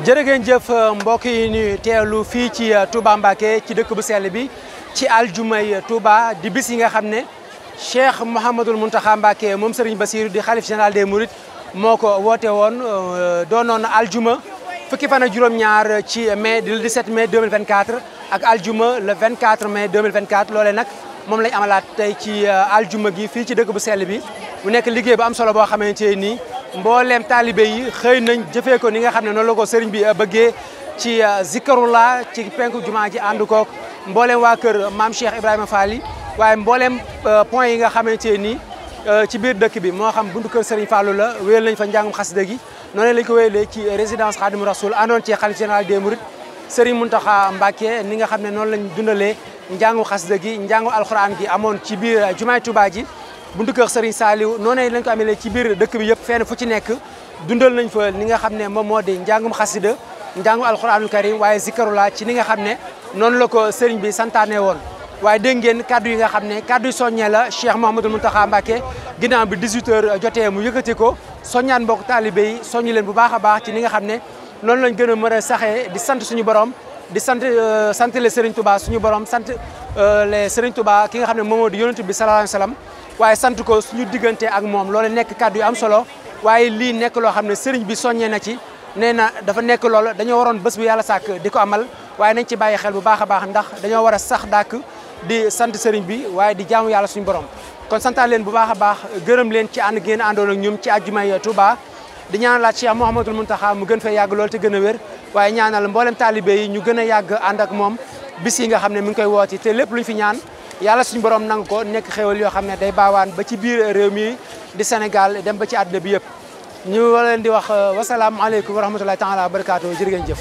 jërë ngeen jëf mbokk yi ñu teelu fii ci uh, Touba Mbacké ci dëkk bu sell bi ci aljumay uh, Touba di bis yi nga xam ne Cheikh Mouhamadul Mountakha Mbacké moom Serigne Bassirou di xalif général des Mourides moo ko woote woon uh, doonoon aljuma fukki fan ak juróom-ñaar ci mai le 17 mai 2024 ak aljuma le 24 mai 2024 loolee nag moom lañ amalaat tey ci aljuma gi fii ci dëkk bu sell bi mu nekk liggéey bu am solo boo xamante nii mbooleem taalibe yi xëy nañ jëfee ko ni nga xam ne noon la ko sëriñ bi euh, bëggee ci euh, zikarulla ci penku jumaa ji ànd koog mbooleem waa kër maam Cheikh Ibrahima Fall waaye mbooleem euh, point yi nga xamante ni ci biir dëkk bi moo xam buntu kër Serigne Fallou la wéyal nañ fa njàngum xasida gi noonu lañ ko wéyalee ci résidence Khadim Rasoul àndoon ci xalif général des Mourides Serigne Mountakha Mbacké ni nga xam ne noonu lañ dundalee njàngu xasida gi njàngu alxuraan gi amoon ci biir jumaay Touba ji buntu kër Serigne Saliou noonu lañ ko amee ci biir dëkk bi yëpp fenn fu ci nekk dundal nañ fa li nga xam ne moom moo di njàngum xasida njàngum alxuraanul karim waaye zikarulaa ci ni nga xam ne noonu la ko Serigne bi santaane woon. waaye dégg ngeen kaddu yi nga xam ne kaddu soññee la Cheikh Mouhamadul Mountakha Mbacké ginnaaw bi 18 jotee mu yëkkati ko soñaan mbokk taalibe yi soññu leen bu baax a baax ci ni nga xam ne noonu lañ gën a mën a saxee di sant suñu borom. di sant euh, sant le Serigne Touba suñu borom sant euh, le Serigne Touba ki nga xam ne moom moo di yonent bi sallallahu waaye sant ko suñu diggante ak moom loole nekk kàddu yu am solo waaye lii nekk loo xam ne sëriñ bi soññee na ci nee na dafa nekk loolu dañoo waroon bés bu yàlla sàkk di ko amal waaye nañ ci bàyyi xel bu baax a baax ndax dañoo war a sax dàkk di sant sëriñ bi waaye di jaamu yàlla suñu borom kon santaan leen bu baax a baax gërëm leen ci ànd ngeen àndoon ak ñoom ci àjjumay Touba di ñaanalaat Cheikh Mouhamadul Mountakha mu gën fee yàgg loolu te gën a wér waaye ñaanal mboolem taalibe yi ñu gën a yàgg ànd moom bis yi nga xam ne mi ngi koy wooti te lépp luñ fi ñaan yàlla suñu borom nangu ko nekk xéwal yoo xam ne day baawaan ba ci biir réew mi di Sénégal dem ba ci àdduna bi yëpp ñu leen di wax wasalaamualeykum wa rahmatulahi taala wa barakaatu jërë ngeen jëf